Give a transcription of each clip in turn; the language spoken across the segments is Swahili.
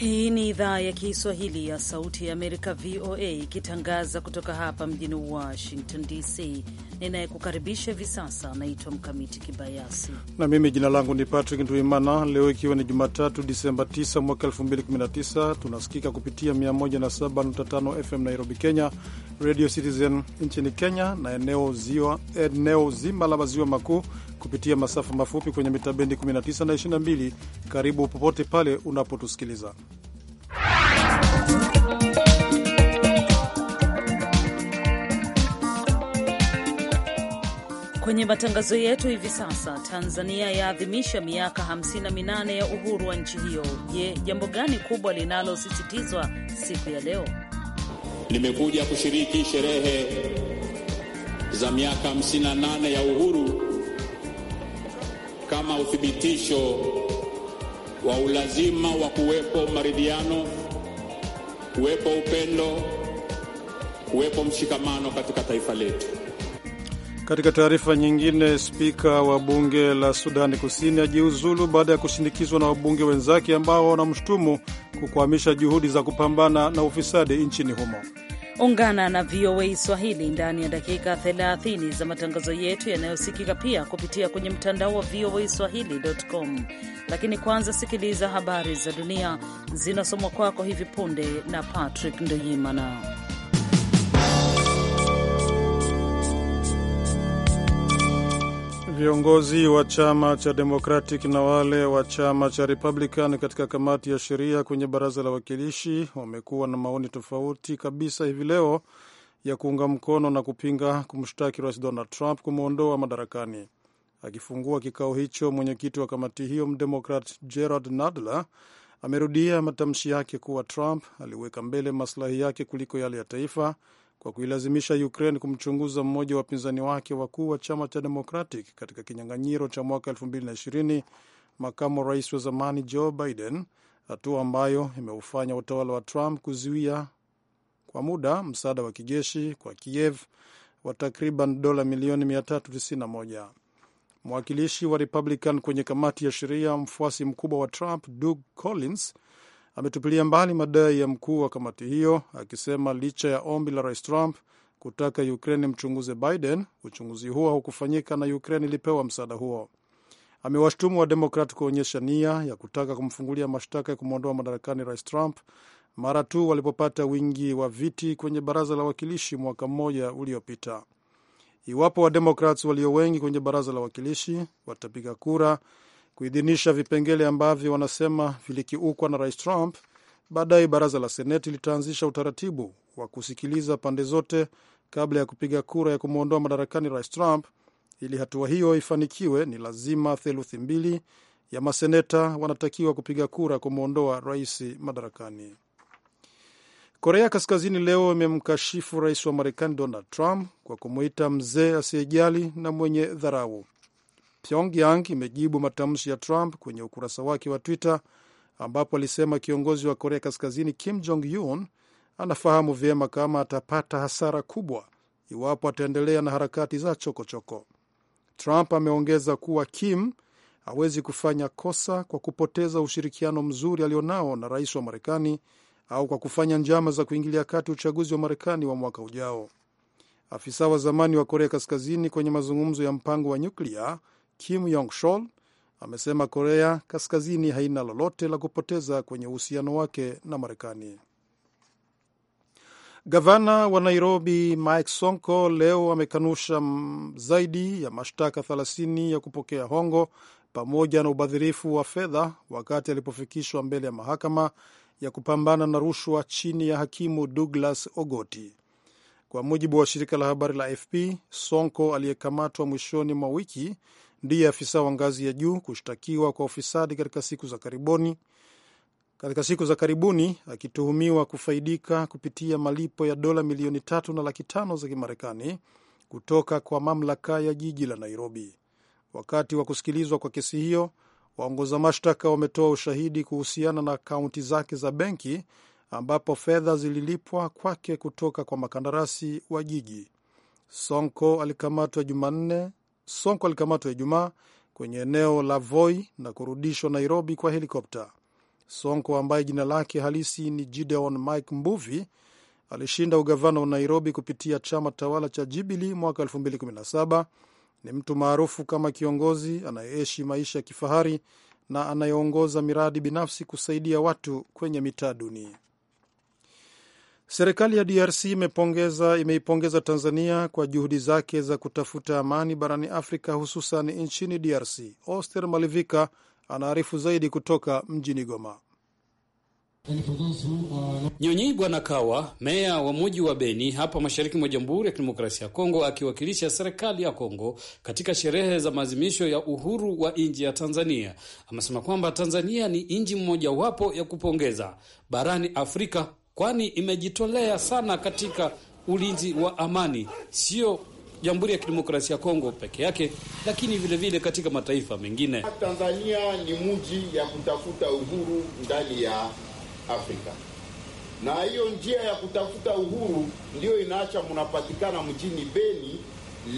Hii ni idhaa ya Kiswahili ya Sauti ya Amerika, VOA, ikitangaza kutoka hapa mjini Washington DC. Ninayekukaribisha hivi sasa anaitwa Mkamiti Kibayasi na mimi jina langu ni Patrick Nduimana. Leo ikiwa ni Jumatatu, Disemba 9 mwaka 2019, tunasikika kupitia 107.5 FM Nairobi, Kenya, Radio Citizen nchini Kenya na eneo, ziwa, eneo zima la maziwa makuu kupitia masafa mafupi kwenye bendi 19 na 22. Karibu popote pale unapotusikiliza. Kwenye matangazo yetu hivi sasa, Tanzania yaadhimisha miaka 58 ya uhuru wa nchi hiyo. Je, jambo gani kubwa linalosisitizwa siku ya leo? Nimekuja kushiriki sherehe za miaka 58 ya uhuru kama uthibitisho wa ulazima wa kuwepo maridhiano, kuwepo upendo, kuwepo mshikamano katika taifa letu. Katika taarifa nyingine, spika wa bunge la Sudani Kusini ajiuzulu baada ya kushindikizwa na wabunge wenzake ambao wanamshutumu kukwamisha juhudi za kupambana na ufisadi nchini humo. Ungana na VOA Swahili ndani ya dakika 30 za matangazo yetu yanayosikika pia kupitia kwenye mtandao wa VOA Swahili.com. Lakini kwanza sikiliza habari za dunia zinasomwa kwako hivi punde na Patrick Ndoyimana. Viongozi wa chama cha Democratic na wale wa chama cha Republican katika kamati ya sheria kwenye baraza la wakilishi wamekuwa na maoni tofauti kabisa hivi leo ya kuunga mkono na kupinga kumshtaki Rais Donald Trump kumwondoa madarakani. Akifungua kikao hicho, mwenyekiti wa kamati hiyo mdemokrat Gerald Nadler amerudia matamshi yake kuwa Trump aliweka mbele maslahi yake kuliko yale ya taifa kwa kuilazimisha Ukraine kumchunguza mmoja wa wapinzani wake wakuu wa chama cha Democratic katika kinyang'anyiro cha mwaka 2020 makamu rais wa zamani Joe Biden, hatua ambayo imeufanya utawala wa Trump kuzuia kwa muda msaada wa kijeshi kwa Kiev wa takriban dola milioni 391. Mwakilishi wa Republican kwenye kamati ya sheria, mfuasi mkubwa wa Trump Doug Collins ametupilia mbali madai ya mkuu wa kamati hiyo akisema licha ya ombi la rais Trump kutaka Ukraine mchunguze Biden, uchunguzi huo haukufanyika na Ukraine ilipewa msaada huo. Amewashtumu Wademokrat kuonyesha nia ya kutaka kumfungulia mashtaka ya kumwondoa madarakani rais Trump mara tu walipopata wingi wa viti kwenye baraza la wakilishi mwaka mmoja uliopita. Iwapo Wademokrats walio wengi kwenye baraza la wakilishi watapiga kura kuidhinisha vipengele ambavyo wanasema vilikiukwa na Rais Trump. Baadaye baraza la Seneti litaanzisha utaratibu wa kusikiliza pande zote kabla ya kupiga kura ya kumwondoa madarakani Rais Trump. Ili hatua hiyo ifanikiwe, ni lazima theluthi mbili ya maseneta wanatakiwa kupiga kura kumwondoa rais madarakani. Korea Kaskazini leo imemkashifu rais wa Marekani Donald Trump kwa kumwita mzee asiyejali na mwenye dharau. Pyongyang imejibu matamshi ya Trump kwenye ukurasa wake wa Twitter ambapo alisema kiongozi wa Korea Kaskazini Kim Jong Un anafahamu vyema kama atapata hasara kubwa iwapo ataendelea na harakati za chokochoko choko. Trump ameongeza kuwa Kim hawezi kufanya kosa kwa kupoteza ushirikiano mzuri alionao na rais wa Marekani au kwa kufanya njama za kuingilia kati uchaguzi wa Marekani wa mwaka ujao. Afisa wa zamani wa Korea Kaskazini kwenye mazungumzo ya mpango wa nyuklia Kim Yong Shol amesema Korea Kaskazini haina lolote la kupoteza kwenye uhusiano wake na Marekani. Gavana wa Nairobi Mike Sonko leo amekanusha zaidi ya mashtaka 30 ya kupokea hongo pamoja na ubadhirifu wa fedha wakati alipofikishwa mbele ya mahakama ya kupambana na rushwa chini ya hakimu Douglas Ogoti. Kwa mujibu wa shirika la habari la fp Sonko aliyekamatwa mwishoni mwa wiki ndiye afisa wa ngazi ya juu kushtakiwa kwa ufisadi katika siku za karibuni, katika siku za karibuni akituhumiwa kufaidika kupitia malipo ya dola milioni tatu na laki tano za Kimarekani kutoka kwa mamlaka ya jiji la Nairobi. Wakati wa kusikilizwa kwa kesi hiyo, waongoza mashtaka wametoa ushahidi kuhusiana na akaunti zake za benki ambapo fedha zililipwa kwake kutoka kwa makandarasi wa jiji. Sonko alikamatwa Jumanne Sonko alikamatwa Ijumaa kwenye eneo la Voi na kurudishwa Nairobi kwa helikopta. Sonko ambaye jina lake halisi ni Gideon Mike Mbuvi alishinda ugavana wa Nairobi kupitia chama tawala cha jibili mwaka 2017. Ni mtu maarufu kama kiongozi anayeishi maisha ya kifahari na anayeongoza miradi binafsi kusaidia watu kwenye mitaa duni. Serikali ya DRC imepongeza imeipongeza Tanzania kwa juhudi zake za kutafuta amani barani Afrika, hususan nchini DRC. Oster Malivika anaarifu zaidi kutoka mjini Goma. Nyonyi Bwana Kawa, meya wa muji wa Beni hapa mashariki mwa Jamhuri ya Kidemokrasia ya Kongo, akiwakilisha serikali ya Kongo katika sherehe za maadhimisho ya uhuru wa nchi ya Tanzania, amesema kwamba Tanzania ni nchi mmojawapo ya kupongeza barani Afrika kwani imejitolea sana katika ulinzi wa amani, sio Jamhuri ya Kidemokrasia ya Kongo peke yake, lakini vilevile vile katika mataifa mengine. Tanzania ni mji ya kutafuta uhuru ndani ya Afrika, na hiyo njia ya kutafuta uhuru ndiyo inaacha mnapatikana mjini Beni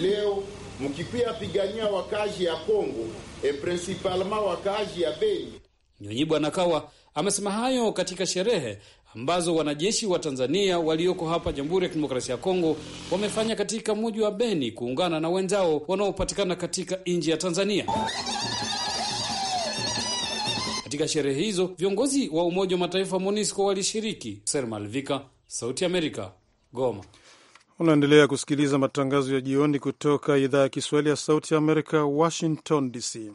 leo mkipia pigania wakazi ya Kongo e principalement wakazi ya Beni. Nyonyi Bwana Kawa amesema hayo katika sherehe ambazo wanajeshi wa Tanzania walioko hapa Jamhuri ya Kidemokrasia ya Kongo wamefanya katika mji wa Beni kuungana na wenzao wanaopatikana katika nchi ya Tanzania. Katika sherehe hizo viongozi wa Umoja wa Mataifa MONUSCO walishiriki. Sermalvika, Sauti Amerika, Goma. Unaendelea kusikiliza matangazo ya jioni kutoka idhaa ya Kiswahili ya Sauti ya Amerika, Washington DC.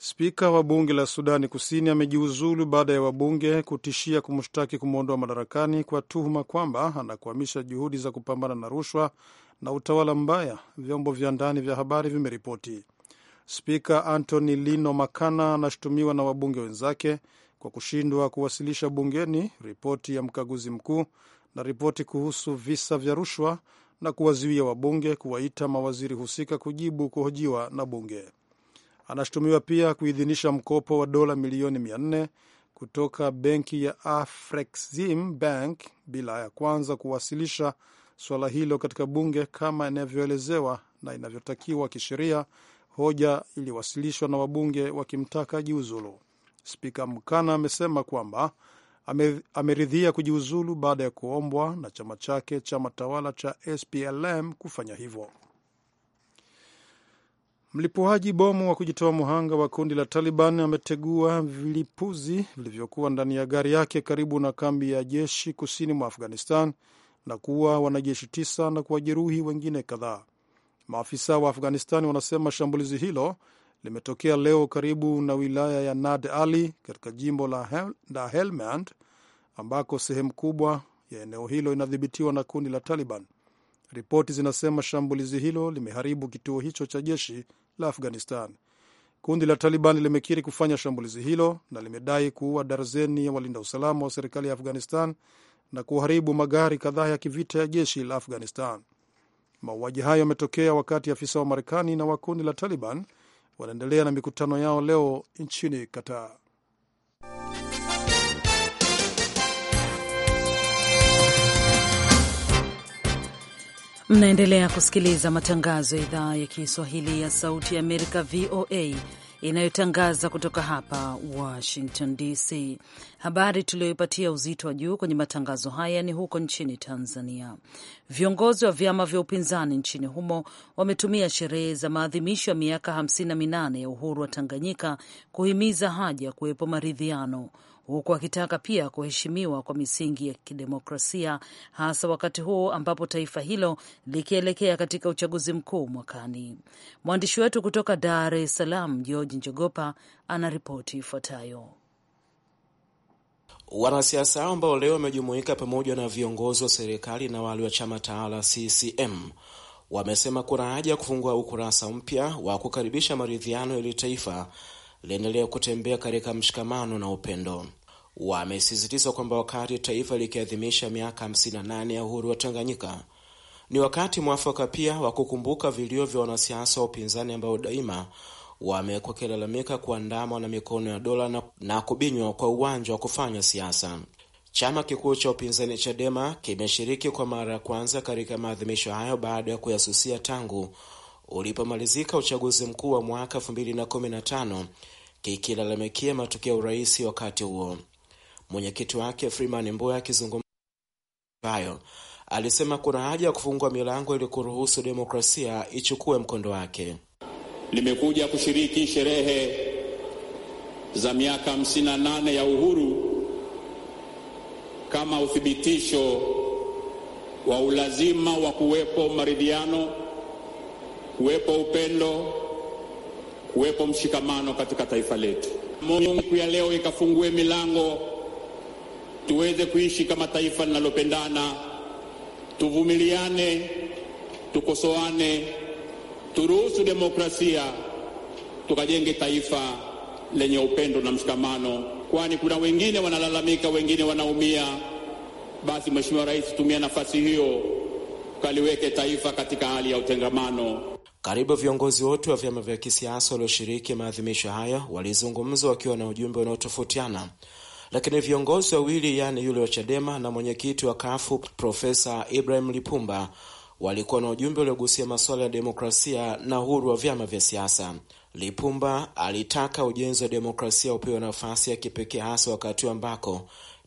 Spika wa bunge la Sudani Kusini amejiuzulu baada ya wabunge kutishia kumshtaki kumwondoa madarakani kwa tuhuma kwamba anakwamisha juhudi za kupambana na rushwa na utawala mbaya, vyombo vya ndani vya habari vimeripoti. Spika Anthony Lino Makana anashutumiwa na wabunge wenzake kwa kushindwa kuwasilisha bungeni ripoti ya mkaguzi mkuu na ripoti kuhusu visa vya rushwa na kuwazuia wabunge kuwaita mawaziri husika kujibu kuhojiwa na bunge. Anashutumiwa pia kuidhinisha mkopo wa dola milioni 400 kutoka benki ya Afrexim Bank bila ya kwanza kuwasilisha suala hilo katika bunge kama inavyoelezewa na inavyotakiwa kisheria. Hoja iliwasilishwa na wabunge wakimtaka jiuzulu. Spika Mkana amesema kwamba ameridhia kujiuzulu baada ya kuombwa na chama chake chama tawala cha SPLM kufanya hivyo. Mlipuaji bomu wa kujitoa muhanga wa kundi la Taliban ametegua vilipuzi vilivyokuwa ndani ya gari yake karibu na kambi ya jeshi kusini mwa Afghanistan na kuua wanajeshi tisa na kuwajeruhi wengine kadhaa. Maafisa wa Afghanistan wanasema shambulizi hilo limetokea leo karibu na wilaya ya Nad Ali katika jimbo la, Hel la Helmand ambako sehemu kubwa ya eneo hilo inadhibitiwa na kundi la Taliban. Ripoti zinasema shambulizi hilo limeharibu kituo hicho cha jeshi la Afghanistan. Kundi la Taliban limekiri kufanya shambulizi hilo na limedai kuua darzeni ya walinda usalama wa serikali ya Afghanistan na kuharibu magari kadhaa ya kivita ya jeshi la Afghanistan. Mauaji hayo yametokea wakati afisa wa Marekani na wa kundi la Taliban wanaendelea na mikutano yao leo nchini Qatar. Mnaendelea kusikiliza matangazo ya idhaa ya Kiswahili ya Sauti ya Amerika, VOA, inayotangaza kutoka hapa Washington DC. Habari tuliyoipatia uzito wa juu kwenye matangazo haya ni huko nchini Tanzania. Viongozi wa vyama vya upinzani nchini humo wametumia sherehe za maadhimisho ya miaka 58 ya uhuru wa Tanganyika kuhimiza haja ya kuwepo maridhiano huku akitaka pia kuheshimiwa kwa misingi ya kidemokrasia, hasa wakati huu ambapo taifa hilo likielekea katika uchaguzi mkuu mwakani. Mwandishi wetu kutoka Dar es Salaam, George Njogopa, ana ripoti ifuatayo. Wanasiasa hao ambao leo wamejumuika pamoja na viongozi wa serikali na wale wa chama tawala CCM wamesema kuna haja ya kufungua ukurasa mpya wa kukaribisha maridhiano ili taifa liendelee kutembea katika mshikamano na upendo wamesisitiza kwamba wakati taifa likiadhimisha miaka 58 ya uhuru wa Tanganyika ni wakati mwafaka pia wa kukumbuka vilio vya wanasiasa wa upinzani ambao daima wamekuwa wakilalamika kuandamwa na mikono ya dola na, na kubinywa kwa uwanja wa kufanya siasa. Chama kikuu cha upinzani Chadema kimeshiriki kwa mara ya kwanza katika maadhimisho hayo baada ya kuyasusia tangu ulipomalizika uchaguzi mkuu wa mwaka 2015 kikilalamikia matokeo ya urais wakati huo. Mwenyekiti wake Freeman Mbowe akizungumza alisema kuna haja ya kufungua milango ili kuruhusu demokrasia ichukue mkondo wake. Limekuja kushiriki sherehe za miaka 58 ya uhuru kama uthibitisho wa ulazima wa kuwepo maridhiano, kuwepo upendo, kuwepo mshikamano katika taifa letu. Mungu ya leo ikafungue milango tuweze kuishi kama taifa linalopendana, tuvumiliane, tukosoane, turuhusu demokrasia, tukajenge taifa lenye upendo na mshikamano, kwani kuna wengine wanalalamika, wengine wanaumia. Basi Mheshimiwa Rais, tumia nafasi hiyo ukaliweke taifa katika hali ya utengamano. Karibu viongozi wote wa vyama vya kisiasa walioshiriki maadhimisho hayo walizungumza wakiwa na ujumbe unaotofautiana lakini viongozi wawili yaani yule wa Chadema na mwenyekiti wa Kafu Profesa Ibrahim Lipumba walikuwa na ujumbe uliogusia masuala ya demokrasia na uhuru wa vyama vya siasa. Lipumba alitaka ujenzi wa demokrasia upewe nafasi ya kipekee, hasa wakati ambako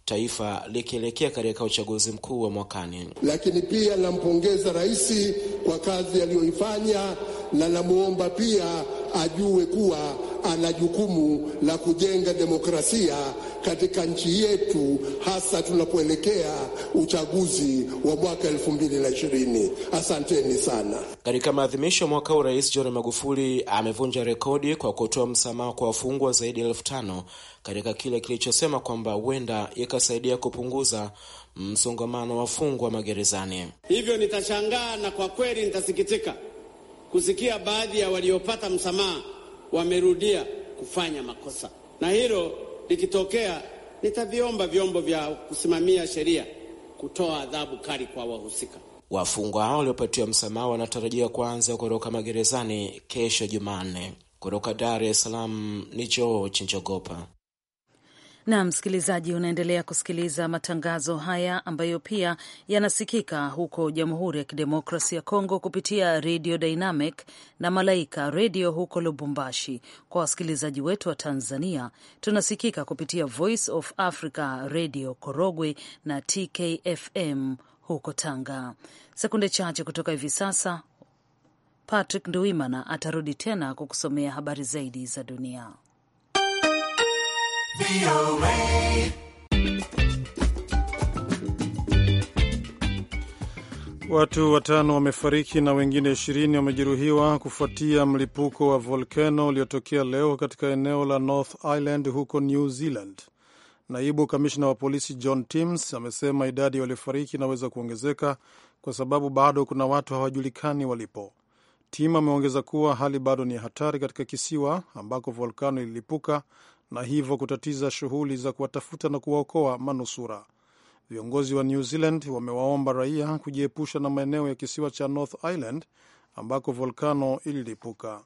taifa likielekea katika uchaguzi mkuu wa mwakani. Lakini pia nampongeza rais kwa kazi aliyoifanya, na namwomba pia ajue kuwa ana jukumu la kujenga demokrasia katika nchi yetu, hasa tunapoelekea uchaguzi wa mwaka elfu mbili na ishirini. Asanteni sana. Katika maadhimisho mwaka huu, Rais John Magufuli amevunja rekodi kwa kutoa msamaha kwa wafungwa zaidi ya elfu tano katika kile kilichosema kwamba huenda ikasaidia kupunguza msongamano wa fungwa magerezani. Hivyo nitashangaa na kwa kweli nitasikitika kusikia baadhi ya waliopata msamaha wamerudia kufanya makosa, na hilo likitokea, nitaviomba vyombo vya kusimamia sheria kutoa adhabu kali kwa wahusika. Wafungwa hao waliopatiwa msamaha wanatarajiwa kuanza kutoroka magerezani kesho Jumanne. Kutoka Dar es Salaam ni George Njogopa. Na msikilizaji, unaendelea kusikiliza matangazo haya ambayo pia yanasikika huko Jamhuri ya Kidemokrasi ya Kongo kupitia Radio Dynamic na Malaika Redio huko Lubumbashi. Kwa wasikilizaji wetu wa Tanzania, tunasikika kupitia Voice of Africa Redio Korogwe na TKFM huko Tanga. Sekunde chache kutoka hivi sasa, Patrick Nduimana atarudi tena kukusomea habari zaidi za dunia. Watu watano wamefariki na wengine ishirini wamejeruhiwa kufuatia mlipuko wa volkano uliotokea leo katika eneo la North Island huko New Zealand. Naibu kamishna wa polisi John Timms amesema idadi ya waliofariki inaweza kuongezeka kwa sababu bado kuna watu hawajulikani walipo. Tim ameongeza kuwa hali bado ni hatari katika kisiwa ambako volkano ililipuka na hivyo kutatiza shughuli za kuwatafuta na kuwaokoa manusura. Viongozi wa New Zealand wamewaomba raia kujiepusha na maeneo ya kisiwa cha North Island ambako volkano ililipuka.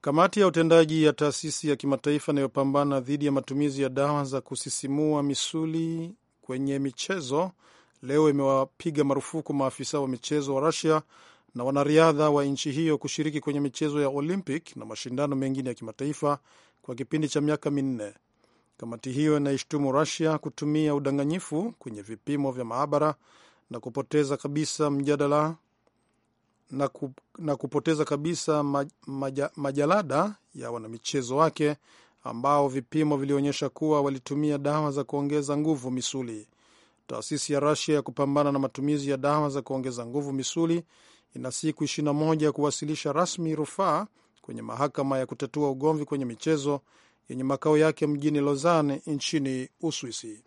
Kamati ya utendaji ya taasisi ya kimataifa inayopambana dhidi ya matumizi ya dawa za kusisimua misuli kwenye michezo leo imewapiga marufuku maafisa wa michezo wa Rusia na wanariadha wa nchi hiyo kushiriki kwenye michezo ya Olympic na mashindano mengine ya kimataifa kwa kipindi cha miaka minne. Kamati hiyo inaishtumu Rusia kutumia udanganyifu kwenye vipimo vya maabara na kupoteza kabisa mjadala na, ku, na kupoteza kabisa maja, majalada ya wanamichezo wake ambao vipimo vilionyesha kuwa walitumia dawa za kuongeza nguvu misuli. Taasisi ya Rusia ya kupambana na matumizi ya dawa za kuongeza nguvu misuli ina siku 21 ya kuwasilisha rasmi rufaa kwenye mahakama ya kutatua ugomvi kwenye michezo yenye makao yake mjini Lausanne nchini Uswisi.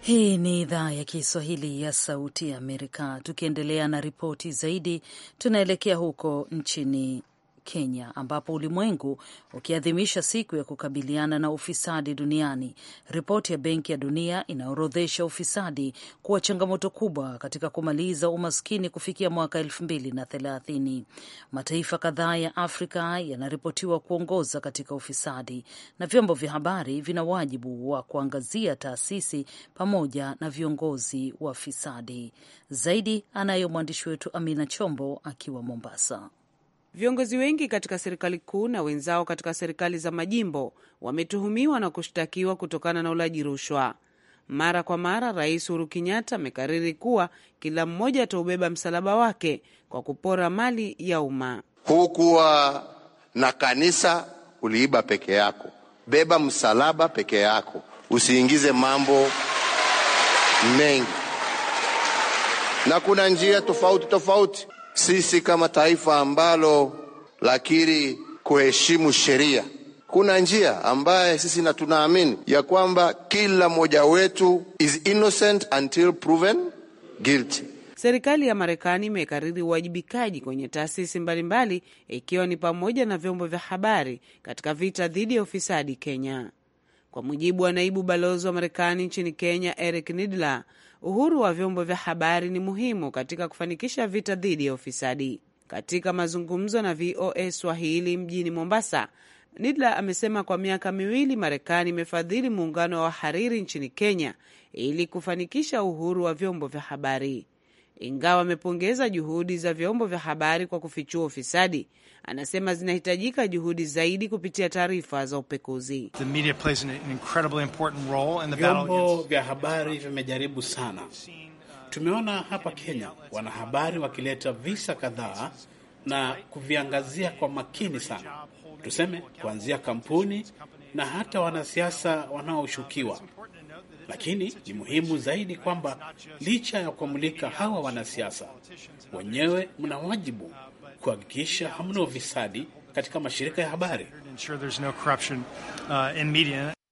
Hii ni idhaa ya Kiswahili ya Sauti ya Amerika. Tukiendelea na ripoti zaidi, tunaelekea huko nchini Kenya, ambapo ulimwengu ukiadhimisha siku ya kukabiliana na ufisadi duniani, ripoti ya Benki ya Dunia inaorodhesha ufisadi kuwa changamoto kubwa katika kumaliza umaskini kufikia mwaka elfu mbili na thelathini. Mataifa kadhaa ya Afrika yanaripotiwa kuongoza katika ufisadi na vyombo vya habari vina wajibu wa kuangazia taasisi pamoja na viongozi wa fisadi. Zaidi anayo mwandishi wetu Amina Chombo akiwa Mombasa. Viongozi wengi katika serikali kuu na wenzao katika serikali za majimbo wametuhumiwa na kushtakiwa kutokana na ulaji rushwa. Mara kwa mara, Rais Uhuru Kenyatta amekariri kuwa kila mmoja ataubeba msalaba wake kwa kupora mali ya umma. Hukuwa na kanisa, uliiba peke yako. Beba msalaba peke yako, usiingize mambo mengi, na kuna njia tofauti tofauti sisi kama taifa ambalo lakiri kuheshimu sheria, kuna njia ambaye sisi na tunaamini ya kwamba kila mmoja wetu is innocent until proven guilty. Serikali ya Marekani imekariri uwajibikaji kwenye taasisi mbalimbali ikiwa ni pamoja na vyombo vya habari katika vita dhidi ya ufisadi Kenya. Kwa mujibu wa naibu balozi wa Marekani nchini Kenya Eric Nidler, uhuru wa vyombo vya habari ni muhimu katika kufanikisha vita dhidi ya ufisadi. Katika mazungumzo na VOA Swahili mjini Mombasa, Nidla amesema kwa miaka miwili Marekani imefadhili muungano wa wahariri nchini Kenya ili kufanikisha uhuru wa vyombo vya habari ingawa amepongeza juhudi za vyombo vya habari kwa kufichua ufisadi. Anasema zinahitajika juhudi zaidi kupitia taarifa za upekuzi. Vyombo vya habari vimejaribu sana. Tumeona hapa Kenya wanahabari wakileta visa kadhaa na kuviangazia kwa makini sana, tuseme kuanzia kampuni na hata wanasiasa wanaoshukiwa lakini ni muhimu zaidi kwamba licha ya kuamulika hawa wanasiasa wenyewe, mna wajibu kuhakikisha hamna ufisadi katika mashirika ya habari.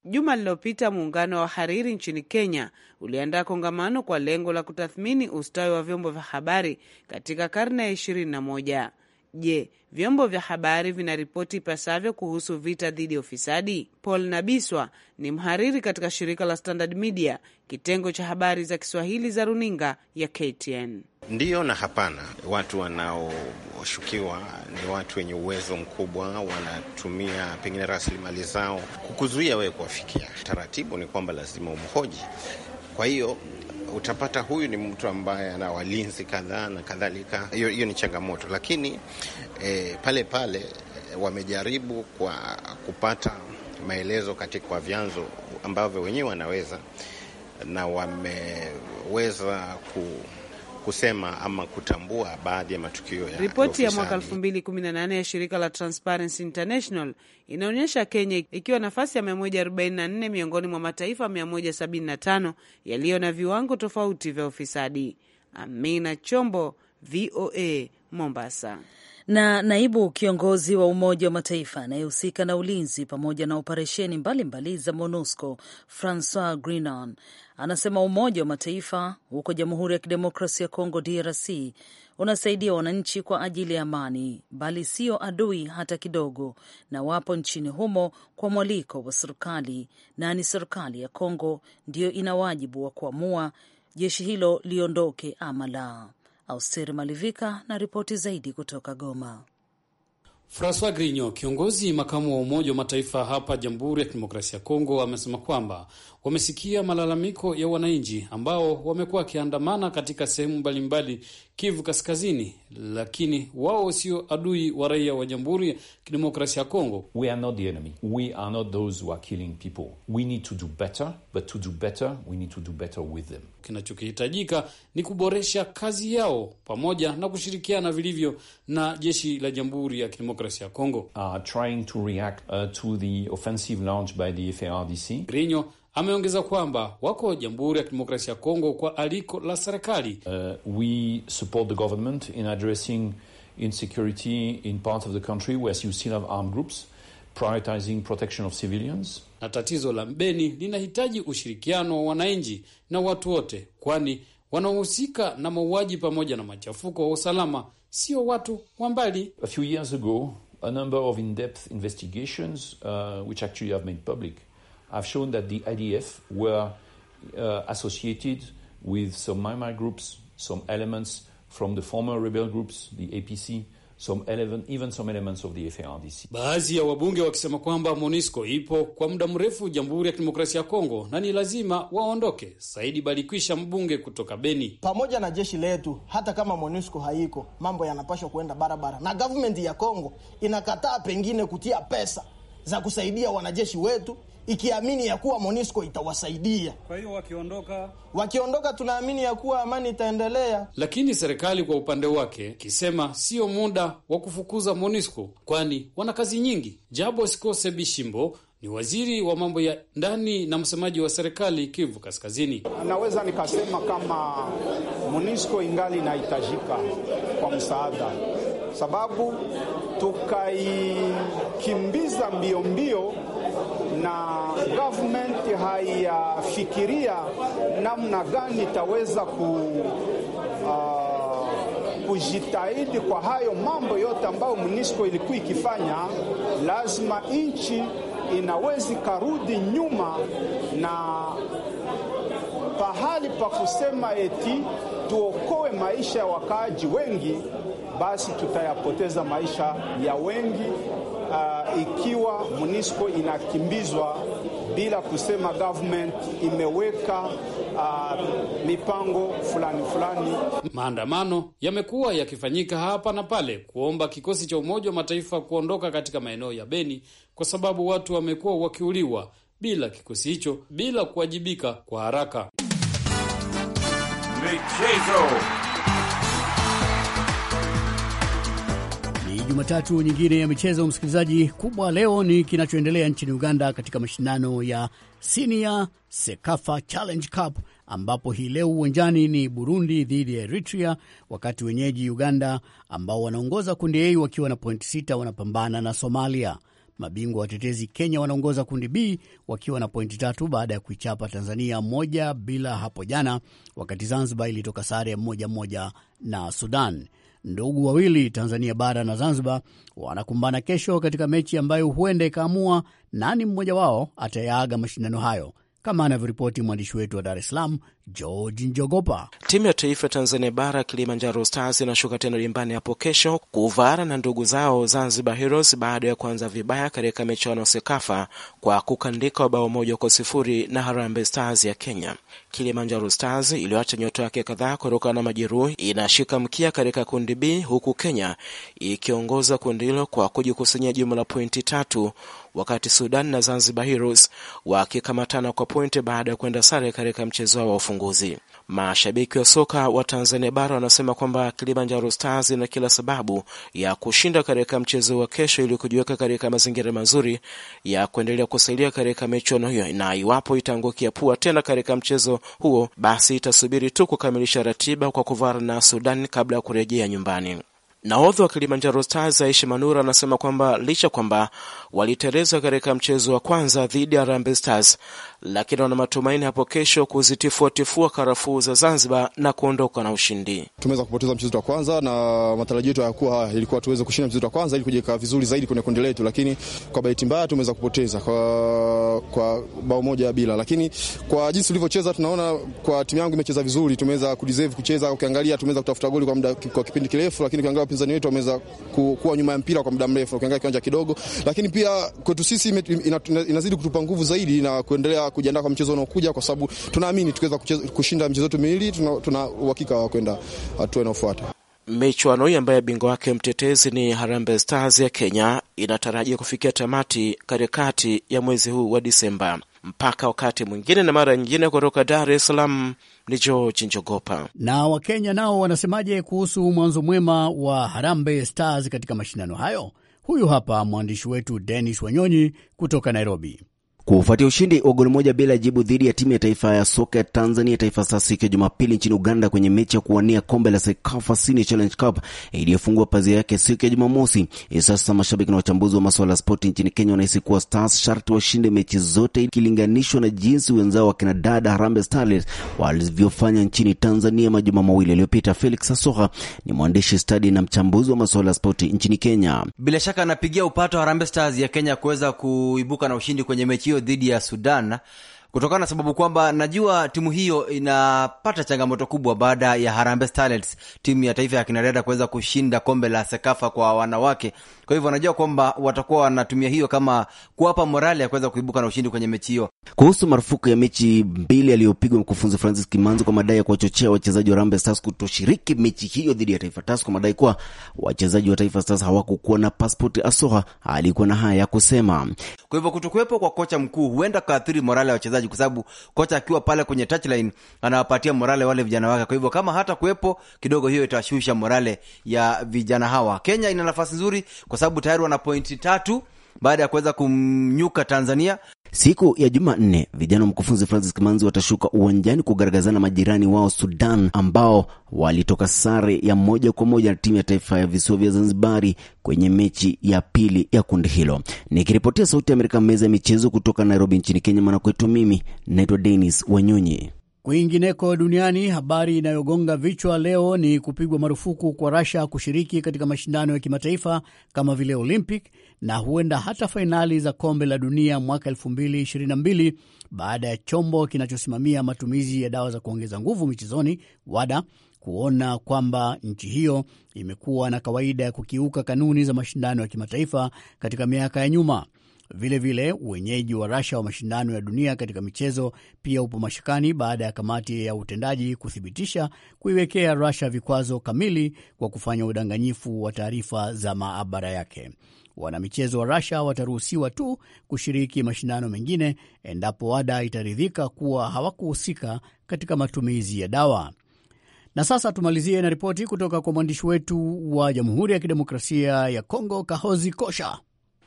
Juma lililopita muungano wa hariri nchini Kenya uliandaa kongamano kwa lengo la kutathmini ustawi wa vyombo vya habari katika karne ya 21. Je, vyombo vya habari vinaripoti ipasavyo kuhusu vita dhidi ya ufisadi? Paul Nabiswa ni mhariri katika shirika la Standard Media, kitengo cha habari za Kiswahili za runinga ya KTN. Ndiyo na hapana. Watu wanaoshukiwa ni watu wenye uwezo mkubwa, wanatumia pengine rasilimali zao kukuzuia wewe kuwafikia. Taratibu ni kwamba lazima umhoji. Kwa hiyo utapata huyu ni mtu ambaye ana walinzi kadhaa na kadhalika. Hiyo hiyo ni changamoto, lakini e, pale pale eh, wamejaribu kwa kupata maelezo katika kwa vyanzo ambavyo wenyewe wanaweza na wameweza ku kusema ama kutambua baadhi ya matukio ya ripoti ya mwaka 2018 ya shirika la Transparency International inaonyesha Kenya ikiwa nafasi ya 144 miongoni mwa mataifa 175 yaliyo na viwango tofauti vya ufisadi. Amina Chombo, VOA, Mombasa na naibu kiongozi wa Umoja wa Mataifa anayehusika na ulinzi pamoja na operesheni mbalimbali za MONUSCO Francois Grinon anasema Umoja wa Mataifa huko Jamhuri ya Kidemokrasi ya Kongo DRC unasaidia wananchi kwa ajili ya amani, bali sio adui hata kidogo, na wapo nchini humo kwa mwaliko wa serikali, na ni serikali ya Kongo ndiyo ina wajibu wa kuamua jeshi hilo liondoke ama la austeri Malivika na ripoti zaidi kutoka Goma. Francois Grignon, kiongozi makamu wa Umoja wa Mataifa hapa Jamhuri ya Kidemokrasia ya Kongo, amesema kwamba wamesikia malalamiko ya wananchi ambao wamekuwa wakiandamana katika sehemu mbalimbali Kivu Kaskazini, lakini wao sio adui wa raia wa Jamhuri ya Kidemokrasia ya Kongo. We are not the enemy. We are not those who are killing people. We need to do better, but to do better, we need to do better with them. Kinachokihitajika ni kuboresha kazi yao pamoja na kushirikiana vilivyo na jeshi la Jamhuri ya Kidemokrasia kidemokrasi ya Kongo. Uh, trying to react uh, to the offensive launch by the FARDC. Rinyo ameongeza kwamba wako Jamhuri ya Kidemokrasia ya Kongo kwa aliko la serikali. Uh, we support the government in addressing insecurity in parts of the country where you still have armed groups prioritizing protection of civilians. Na tatizo la Mbeni linahitaji ushirikiano wa wananchi na watu wote, kwani wanaohusika na mauaji pamoja na machafuko wa usalama sio watu wa mbali. A few years ago, a number of in-depth investigations uh, which actually have made public have shown that the IDF were uh, associated with some Myanmar groups, some elements from the former rebel groups, the APC, some even some elements of the FARDC. Baadhi ya wabunge wakisema kwamba MONUSCO ipo kwa muda mrefu Jamhuri ya Kidemokrasia ya Kongo na ni lazima waondoke. Saidi Balikwisha, mbunge kutoka Beni: pamoja na jeshi letu, hata kama MONUSCO haiko, mambo yanapashwa kuenda barabara, na government ya Kongo inakataa pengine kutia pesa za kusaidia wanajeshi wetu ikiamini ya kuwa Monisco itawasaidia. Kwa hiyo wakiondoka, wakiondoka tunaamini ya kuwa amani itaendelea. Lakini serikali kwa upande wake ikisema sio muda wa kufukuza Monisco, kwani wana kazi nyingi. Jabo Sikose Bishimbo ni waziri wa mambo ya ndani na msemaji wa serikali Kivu Kaskazini. Naweza nikasema kama Monisco ingali inahitajika kwa msaada sababu tukaikimbiza mbio mbio na government haiyafikiria namna gani itaweza ku uh, kujitahidi kwa hayo mambo yote ambayo MONUSCO ilikuwa ikifanya. Lazima nchi inawezi karudi nyuma na pahali pa kusema eti tuokoe maisha ya wakaaji wengi basi tutayapoteza maisha ya wengi. Uh, ikiwa MONUSCO inakimbizwa bila kusema government imeweka uh, mipango fulani fulani. Maandamano yamekuwa yakifanyika hapa na pale kuomba kikosi cha Umoja wa Mataifa kuondoka katika maeneo ya Beni kwa sababu watu wamekuwa wakiuliwa bila kikosi hicho bila kuwajibika kwa haraka. Michezo. Jumatatu nyingine ya michezo, msikilizaji. Kubwa leo ni kinachoendelea nchini Uganda katika mashindano ya Senior Sekafa Challenge Cup ambapo hii leo uwanjani ni Burundi dhidi ya Eritrea, wakati wenyeji Uganda ambao wanaongoza kundi A wakiwa na pointi 6 wanapambana na Somalia. Mabingwa watetezi Kenya wanaongoza kundi B wakiwa na pointi tatu baada ya kuichapa Tanzania moja bila hapo jana, wakati Zanzibar ilitoka sare moja moja na Sudan ndugu wawili Tanzania bara na Zanzibar wanakumbana kesho katika mechi ambayo huenda ikaamua nani mmoja wao atayaaga mashindano hayo, kama anavyoripoti mwandishi wetu wa Dar es Salaam George Njogopa. Timu ya taifa ya Tanzania Bara, Kilimanjaro Stars, inashuka tena dimbani hapo kesho kuvara na ndugu zao Zanzibar Heroes baada ya kuanza vibaya katika michuano Sekafa kwa kukandika bao moja kwa sifuri na Harambee Stars ya Kenya. Kilimanjaro Stars iliyoacha nyota yake kadhaa kutokana na majeruhi inashika mkia katika kundi B, huku Kenya ikiongoza kundi hilo kwa kujikusanyia jumla pointi tatu, wakati Sudan na Zanzibar Heroes wakikamatana kwa pointi baada ya kwenda sare katika mchezo wao ufunguzi. Mashabiki wa soka wa Tanzania bara wanasema kwamba Kilimanjaro Stars ina kila sababu ya kushinda katika mchezo wa kesho ili kujiweka katika mazingira mazuri ya kuendelea kusaidia katika michuano hiyo, na iwapo itaangukia pua tena katika mchezo huo, basi itasubiri tu kukamilisha ratiba kwa kuvara na Sudan kabla ya kurejea nyumbani. Nahodha wa Kilimanjaro Stars Aishi Manura anasema kwamba licha kwamba waliteleza katika mchezo wa kwanza dhidi ya Harambee Stars, lakini wana matumaini hapo kesho kuzitifuatifua karafuu za Zanzibar na kuondoka na ushindi. Tumeweza kupoteza mchezo wa kwanza na matarajio yetu hayakuwa haya, ilikuwa tuweze kushinda mchezo wa kwanza ili kujiweka vizuri zaidi kwenye kundi letu, lakini kwa bahati mbaya tumeweza kupoteza kwa, kwa bao moja bila. Lakini kwa jinsi tulivyocheza, tunaona kwa timu yangu imecheza vizuri, tumeweza kudeserve kucheza. Ukiangalia tumeweza kutafuta goli kwa muda, kwa kipindi kirefu, lakini ukiangalia wapinzani wetu wameweza kuwa nyuma ya mpira kwa muda mrefu, ukiangalia kiwanja kidogo, lakini pia kwetu sisi inazidi kutupa nguvu zaidi na kuendelea kujiandaa kwa mchezo unaokuja, kwa sababu tunaamini tukiweza kushinda mchezo wetu miwili, tuna uhakika wa kwenda hatua inayofuata. Michuano hii ambayo bingwa wake mtetezi ni Harambee Stars ya Kenya inatarajia kufikia tamati katikati ya mwezi huu wa Disemba. Mpaka wakati mwingine na mara nyingine, kutoka Dar es Salaam ni George Njogopa. Na Wakenya nao wanasemaje kuhusu mwanzo mwema wa Harambee Stars katika mashindano hayo? Huyu hapa mwandishi wetu Dennis Wanyonyi kutoka Nairobi. Kufuatia ushindi wa goli moja bila jibu dhidi ya timu ya taifa ya soka ya Tanzania Taifa Stars siku ya Jumapili nchini Uganda kwenye mechi ya kuwania kombe la Sekafa Senior Challenge Cup iliyofungua pazia yake siku ya Jumamosi. Sasa mashabiki na wachambuzi wa masuala ya spoti nchini Kenya wanahisi kuwa Stars sharti washinde mechi zote ikilinganishwa na jinsi wenzao wakina dada Harambee Starlets walivyofanya nchini Tanzania majuma mawili yaliyopita. Felix Asoha ni mwandishi stadi na mchambuzi wa masuala ya spoti nchini Kenya. Bila shaka anapigia upato Harambee Stars ya Kenya kuweza kuibuka na ushindi kwenye mechi hiyo dhidi ya Sudan kutokana na sababu kwamba najua timu hiyo inapata changamoto kubwa baada ya Harambee Starlets, timu ya taifa ya kinadada kuweza kushinda kombe la Sekafa kwa wanawake kwa hivyo wanajua kwamba watakuwa wanatumia hiyo kama kuwapa morali ya kuweza kuibuka na ushindi kwenye mechi hiyo. Kuhusu marufuku ya mechi mbili aliyopigwa mkufunzi Francis Kimanzi kwa madai ya kuwachochea wachezaji wa Harambee Stars kutoshiriki mechi hiyo dhidi ya Taifa Stars kwa madai kuwa wachezaji wa Taifa Stars hawakukuwa na paspoti, Asoha alikuwa na haya ya kusema. Kwa hivyo kutokuwepo kwa kocha mkuu huenda kaathiri morale ya wachezaji, kwa sababu kocha akiwa pale kwenye touchline anawapatia morale wale vijana wake. Kwa hivyo kama hata kuwepo kidogo, hiyo itashusha morale ya vijana hawa. Kenya ina nafasi nzuri kwa kwa sababu tayari wana pointi tatu baada ya kuweza kumnyuka Tanzania. Siku ya Jumanne, vijana wa mkufunzi Francis Kimanzi watashuka uwanjani kugaragazana majirani wao Sudan, ambao walitoka sare ya moja kwa moja na timu ya taifa ya visiwa vya Zanzibari kwenye mechi ya pili ya kundi hilo. Nikiripotia Sauti ya Amerika, meza ya michezo kutoka Nairobi nchini Kenya, mwanakwetu, mimi naitwa Dennis Wanyonyi. Kwingineko duniani, habari inayogonga vichwa leo ni kupigwa marufuku kwa Russia kushiriki katika mashindano ya kimataifa kama vile Olympic na huenda hata fainali za kombe la dunia mwaka 2022 baada ya chombo kinachosimamia matumizi ya dawa za kuongeza nguvu michezoni WADA kuona kwamba nchi hiyo imekuwa na kawaida ya kukiuka kanuni za mashindano ya kimataifa katika miaka ya nyuma. Vilevile vile, wenyeji wa Rasha wa mashindano ya dunia katika michezo pia upo mashakani baada ya kamati ya utendaji kuthibitisha kuiwekea Rasha vikwazo kamili kwa kufanya udanganyifu wa taarifa za maabara yake. Wanamichezo wa Rasha wataruhusiwa tu kushiriki mashindano mengine endapo WADA itaridhika kuwa hawakuhusika katika matumizi ya dawa. Na sasa tumalizie na ripoti kutoka kwa mwandishi wetu wa Jamhuri ya Kidemokrasia ya Kongo, Kahozi Kosha.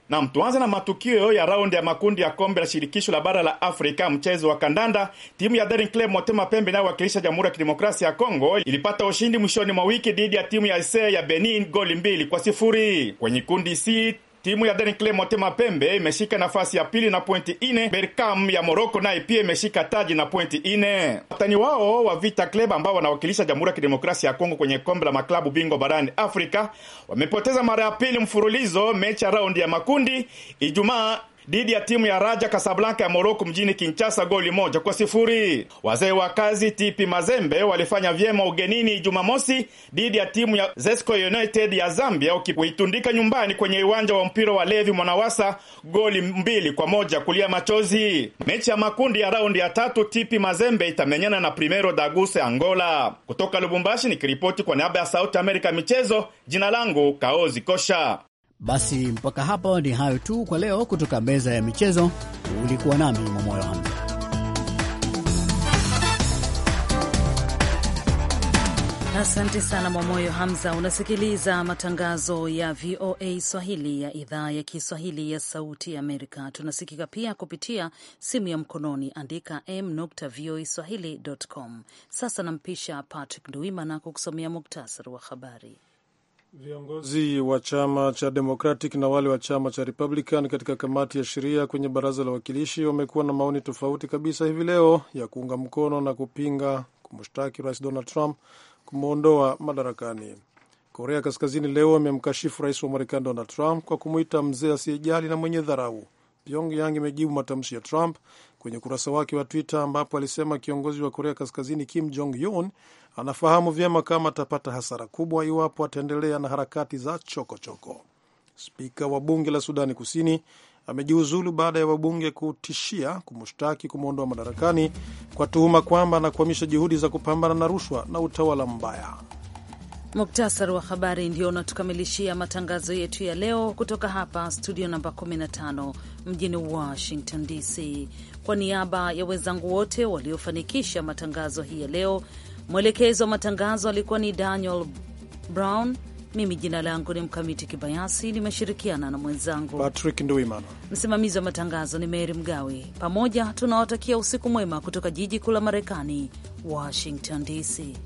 Nam, tuanze na matukio ya raundi ya makundi ya kombe la shirikisho la bara la Afrika, mchezo wa kandanda. Timu ya Daring Club Motema Pembe inayowakilisha Jamhuri ya Kidemokrasia ya Kongo ilipata ushindi mwishoni mwa wiki dhidi ya timu ya Ese ya Benin goli mbili kwa sifuri kwenye kundi C. Timu ya Daring Motema Pembe imeshika nafasi ya pili na pointi ine. Berkam ya Moroko naye pia imeshika taji na pointi ine. Watani wao wa Vita Club ambao wanawakilisha Jamhuri ya Kidemokrasia ya Kongo kwenye kombe la maklabu bingwa barani Afrika wamepoteza mara ya pili mfurulizo mechi ya raundi ya makundi Ijumaa dhidi ya timu ya Raja Kasablanka ya Moroko mjini kinchasa goli moja kwa sifuri. Wazee wa kazi Tipi Mazembe walifanya vyema ugenini Jumamosi dhidi ya timu ya Zesco United ya Zambia, ukiuitundika nyumbani kwenye uwanja wa mpira wa Levi Mwanawasa goli mbili kwa moja kulia machozi. Mechi ya makundi ya raundi ya tatu Tipi Mazembe itamenyana na Primero Daguse Angola. Kutoka Lubumbashi nikiripoti kwa niaba ya Sauti Amerika michezo, jina langu Kaozi Kosha. Basi mpaka hapo ni hayo tu kwa leo, kutoka meza ya michezo. Ulikuwa nami Mwamoyo Hamza. Asante sana Mwamoyo Hamza. Unasikiliza matangazo ya VOA Swahili ya idhaa ya Kiswahili ya Sauti Amerika. Tunasikika pia kupitia simu ya mkononi, andika m.voaswahili.com. Sasa nampisha Patrick nduimana kukusomea muktasari wa habari. Viongozi wa chama cha Democratic na wale wa chama cha Republican katika kamati ya sheria kwenye baraza la wawakilishi wamekuwa na maoni tofauti kabisa hivi leo ya kuunga mkono na kupinga kumshtaki Rais Donald Trump kumwondoa madarakani. Korea Kaskazini leo amemkashifu rais wa Marekani Donald Trump kwa kumwita mzee asiyejali na mwenye dharau. Pyongyang imejibu matamshi ya Trump kwenye ukurasa wake wa Twitter ambapo alisema kiongozi wa Korea Kaskazini Kim Jong Un anafahamu vyema kama atapata hasara kubwa iwapo ataendelea na harakati za chokochoko Spika wa bunge la Sudani Kusini amejiuzulu baada ya wabunge kutishia kumshtaki kumwondoa madarakani kwa tuhuma kwamba anakwamisha juhudi za kupambana na rushwa na utawala mbaya. Muktasari wa habari ndio unatukamilishia matangazo yetu ya leo kutoka hapa studio namba 15 mjini Washington DC. Kwa niaba ya wenzangu wote waliofanikisha matangazo hii ya leo, mwelekezi wa matangazo alikuwa ni Daniel Brown. Mimi jina langu ni Mkamiti Kibayasi, nimeshirikiana na mwenzangu Patrick Nduimana. Msimamizi wa matangazo ni Meri Mgawe. Pamoja tunawatakia usiku mwema kutoka jiji kuu la Marekani, Washington DC.